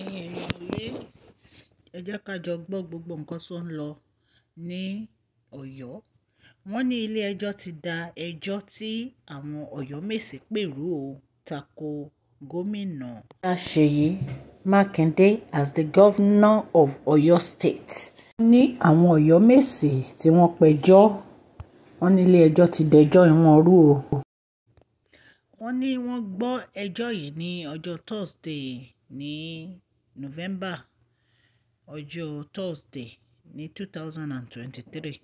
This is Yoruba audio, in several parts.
Ẹ̀yin ènìyàn ilé, ẹ jẹ́ ká jọ gbọ́ gbogbo nǹkan tó ń lọ ní Ọ̀yọ́. Wọ́n ní ilé ẹjọ́ ti da ẹjọ́ tí àwọn Ọ̀yọ́mèsì pèrú o tako gómìnà. Ṣèyí Mákindé as the governor of Oyo State. Wọ́n ní àwọn Ọ̀yọ́mèsì tí wọ́n pẹjọ́, wọ́n ní ilé ẹjọ́ ti dẹjọ́ wọn rú o. Wọ́n ní wọ́n gbọ́ ẹjọ́ yìí ní ọjọ́ Thursday ní november ọjọ́ thursday ní two thousand and twenty-three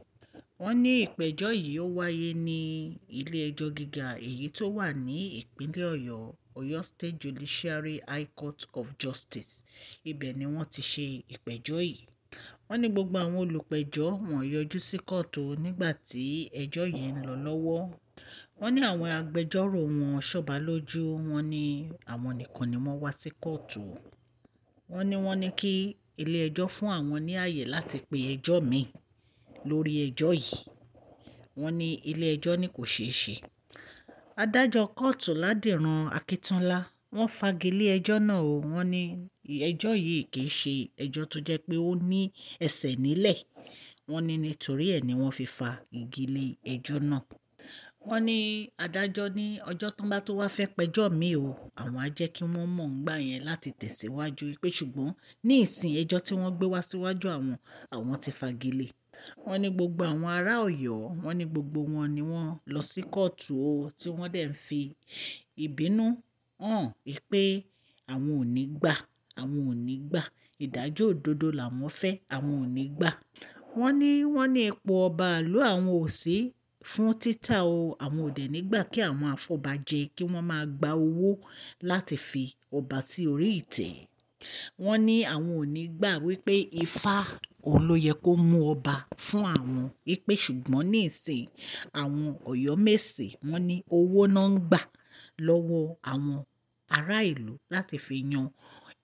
wọ́n ní ìpẹ̀jọ́ yìí ó wáyé ní ilé-ẹjọ́ gíga èyí tó wà ní ìpínlẹ̀ ọ̀yọ́ ọ̀yọ́ state judiciary high court of justice ibẹ̀ ni wọ́n ti ṣe ìpẹ̀jọ́ yìí wọ́n ní gbogbo àwọn olùpẹ̀jọ́ wọ́n yọjú sí kóòtù nígbà tí ẹjọ́ yìí ń lọ lọ́wọ́ wọ́n ní àwọn agbẹjọ́rò wọn ṣọ́balójú wọ́n ní àwọn nìkan ni wọ́n wá sí kóòtù wọ́n ní wọ́n ní kí ilé-ẹjọ́ fún àwọn ní ààyè láti pe ẹjọ́ míì lórí ẹjọ́ yìí wọ́n ní ilé-ẹjọ́ ní kò ṣeé ṣe adájọ́ kóòtù ládìran akíntola wọ́n fagilé ẹjọ́ náà o wọ́n ní ẹjọ́ yìí kì í ṣe ẹjọ́ tó jẹ́ pé ó ní ẹsẹ̀ nílẹ̀ wọ́n ní nítorí ẹ̀ ni wọ́n fi fa igi ẹjọ́ náà wọ́n ní adájọ́ ní ọjọ́ tán bá tó wáá fẹ́ pẹjọ́ mi o àwọn á jẹ́ kí wọ́n mọ̀ ń gbà yẹn láti tẹ̀síwájú pé ṣùgbọ́n ní ìsìn ẹjọ́ tí wọ́n gbé wá síwájú àwọn àwọn ti fagilé wọ́n ní gbogbo àwọn ará Ọ̀yọ́ wọ́n ní gbogbo wọn ni wọ́n lọ sí kóòtù o tí wọ́n dẹ̀ ń fi ìbínú hàn pé àwọn ò ní gbà àwọn ò ní gbà ìdájọ́ òdodo làwọn fẹ́ àwọn ò ní gbà wọ́n ní wọ́n ní ipò ọba àlú àwọn ò sí fún títà o àwọn ò dẹ̀ nígbà kí àwọn afọbajẹ kí wọ́n máa gba owó láti fi ọba sí orí ìtẹ́ wọ́n ní àwọn ò ní gbà wípé ifá òun ló yẹ kó mú ọba fún àwọn wípé ṣùgbọ́n ní ìsìn àwọn ọ̀yọ́mèsì wọ́n ní owó náà ń gbà lọ́wọ́ àwọn ará ìlú láti fi yan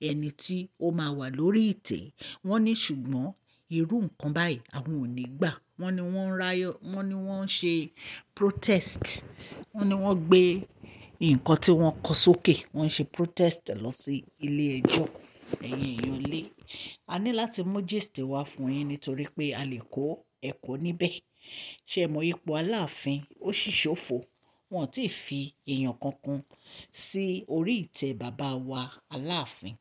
ẹni tí ó máa wà lórí ìtẹ́ wọ́n ní ṣùgbọ́n irú nǹkan báyìí àwọn ò gbà wọ́n ní wọ́n ń ráyọ̀ wọ́n ní wọ́n ń ṣe protest wọ́n ní wọ́n gbé nǹkan tí wọ́n kọ sókè wọ́n ń ṣe protest lọ sí ilé ẹjọ́ ẹ̀yìn èèyàn lé a ní láti mú gist wá fún yín nítorí pé a lè kó ẹ̀kọ́ níbẹ̀ ṣe mọ̀ ipò aláàfin ó sì ṣòfò wọn tí fi èèyàn kankan sí orí ìtẹ́ bàbá wa aláàfin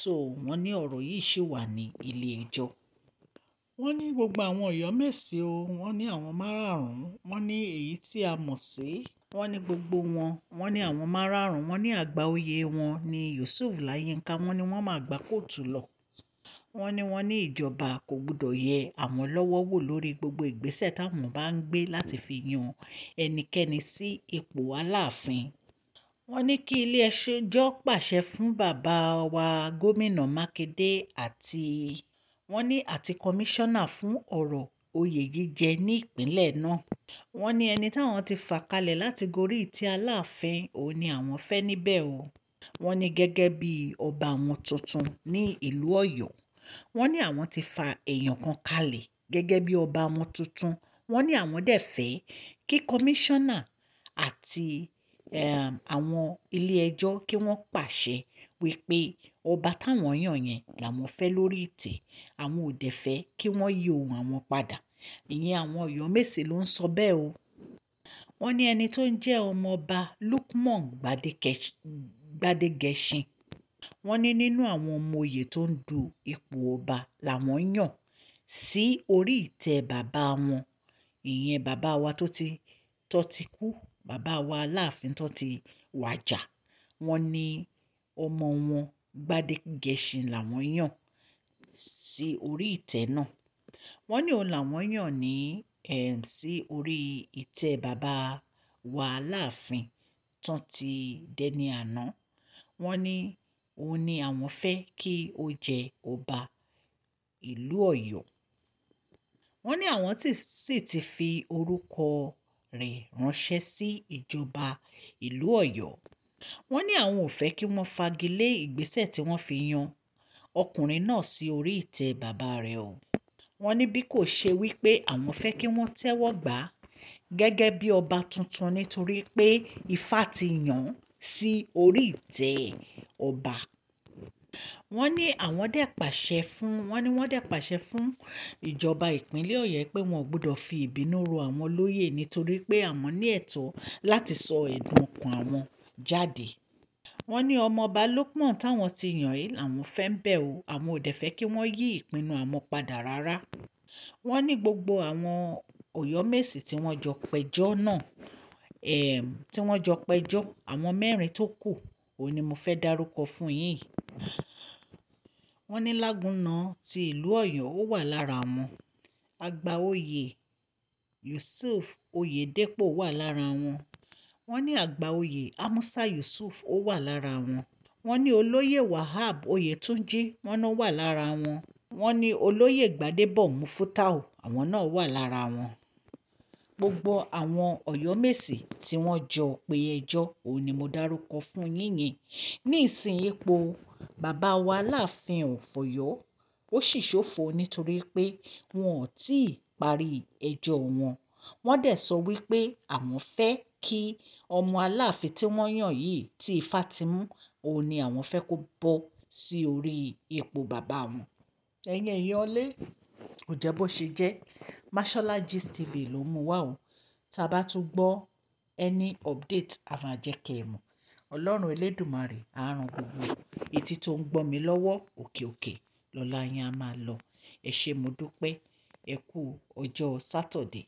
so wọ́n ní ọ̀rọ̀ yìí ṣì wà ní ilé ẹjọ́ wọ́n ní gbogbo àwọn ọ̀yọ́mèsì o wọ́n ní àwọn márààrún wọ́n ní èyí tí a mọ̀ sí wọ́n ní gbogbo wọn wọ́n ní àwọn márààrún wọ́n ní àgbà oyè wọn ní Yusuf Láyínká wọ́n ní wọ́n máa gbá kóòtù lọ wọ́n ní wọ́n ní ìjọba kò gbọdọ̀ yẹ àwọn lọ́wọ́ wò lórí gbogbo ìgbésẹ̀ táwọn bá ń gbé láti fi yan ẹnikẹ́ni sí ipò aláàfin wọ́n ní kí ilé-ẹjọ́ pàṣẹ fún bàbá wa gómìnà Mákindé àti wọ́n ní àti kọmíṣánná fún ọ̀rọ̀ oyè jíjẹ ní ìpínlẹ̀ náà wọ́n ní ẹni táwọn ti fà kalẹ̀ láti gorí ìtẹ́ aláàfin òun ni àwọn fẹ́ níbẹ̀ o wọ́n ní gẹ́gẹ́ bíi ọba àwọn tuntun ní ìlú ọ̀yọ́ wọ́n ní àwọn ti fa èèyàn kan kalẹ̀ gẹ́gẹ́ bíi ọba àwọn tuntun wọ́n ní àwọn dẹ̀ fẹ́ kí kọmíṣánná àti eh, àwọn ilé ẹjọ́ kí wọ́n pàṣẹ wípé ọba táwọn yàn yẹn làwọn fẹ́ lórí ìtẹ́ àwọn ò dẹ̀ fẹ́ kí wọ́n yí ohùn àwọn padà ìyẹn àwọn ọ̀yọ́ mèsì ló ń sọ bẹ́ẹ̀ o wọ́n ní ẹni tó ń jẹ́ ọmọọba Lukman Gbadegẹṣin wọ́n ní nínú àwọn ọmọ oyè tó ń du ipò ọba làwọn yàn sí orí ìtẹ́ bàbá wọn ìyẹn bàbá wa tó ti tó ti kú bàbá wa aláàfin tó ti wàjà wọ́n ní ọmọ wọn Gbádégẹṣin làwọn yàn sí orí ìtẹ́ náà wọ́n ní òun làwọn yàn ní um sí orí ìtẹ́ bàbá wa Aláàfin tán ti dẹni àná wọ́n ní òun ni àwọn fẹ́ kí ó jẹ ọba ìlú Ọ̀yọ́ wọ́n ní àwọn sì ti fi orúkọ rẹ̀ ránṣẹ́ sí ìjọba ìlú Ọ̀yọ́ wọ́n ní àwọn ò fẹ́ kí wọ́n fagilé ìgbésẹ̀ tí wọ́n fi yan ọkùnrin náà sí orí ìtẹ́ bàbá rẹ̀ o wọ́n ní bí kò ṣe wípé àwọn fẹ́ kí wọ́n tẹ́wọ́ gbà á gẹ́gẹ́ bí ọba tuntun nítorí pé ifá ti yàn án sí orí ìtẹ́ ọba wọ́n ní àwọn dẹ̀ pàṣẹ fún wọ́n ní wọ́n dẹ̀ pàṣẹ fún ìjọba ìpínlẹ̀ ọ̀yọ́ pé wọn ò gbọ́dọ̀ fi ìbínú ro àwọn lóyè nítorí pé àwọn ní ẹ̀tọ́ láti sọ ẹ̀dùn ọkàn àwọn jáde wọ́n ní ọmọọba Lukman táwọn ti yàn yìí làwọn fẹ́ ń bẹ̀ o àwọn ò dẹ̀ fẹ́ kí wọ́n yí ìpinnu àwọn padà rárá wọ́n ní gbogbo àwọn Ọ̀yọ́mèsì tí wọ́n jọ pẹjọ́ náà um, tí wọ́n jọ pẹjọ́ àwọn mẹ́rin tó kù òun ni mo fẹ́ dárúkọ fún yín wọ́n ní Lágúnná ti ìlú Ọ̀yọ́ ó wà lára wọn àgbà oyè Yusuf Oyedepo wà lára wọn wọ́n ní àgbà amusa yusuf ó wà lára wọn wọ́n ní olóyè wahab oyetunji wọ́n náà wà lára wọn wọ́n ní olóyè gbadebo mufutau àwọn náà wà lára wọn gbogbo àwọn ọ̀yọ́mèsì tí wọ́n jọ pé ẹjọ́ òun ni mo dárúkọ fún yín yẹn ní ìsìn ipò bàbá wa láàfin ọ̀fọ̀yọ́ ó sì ṣòfò nítorí pé wọn ò tí ì parí ẹjọ́ wọn wọ́n dẹ̀ sọ wípé àwọn fẹ́ kí ọmọ aláàfin tí wọ́n yàn yìí tí ifá ti mú òun ni àwọn fẹ́ kó bọ́ sí orí ipò bàbá wọn ẹ̀yin èèyàn ọlé kò jẹ́ bó ṣe jẹ́ mashola gist ló mú wá o tá a bá tún gbọ́ any update a máa jẹ́ kẹ́ ẹ mọ̀ ọlọ́run elédùmarè àárọ̀ gbogbo etí tó ń gbọ́ mi lọ́wọ́ òkè òkè lọ́la yẹn a máa lọ ẹ ṣé mo dúpẹ́ ẹ kú ọjọ́ sátọ̀dé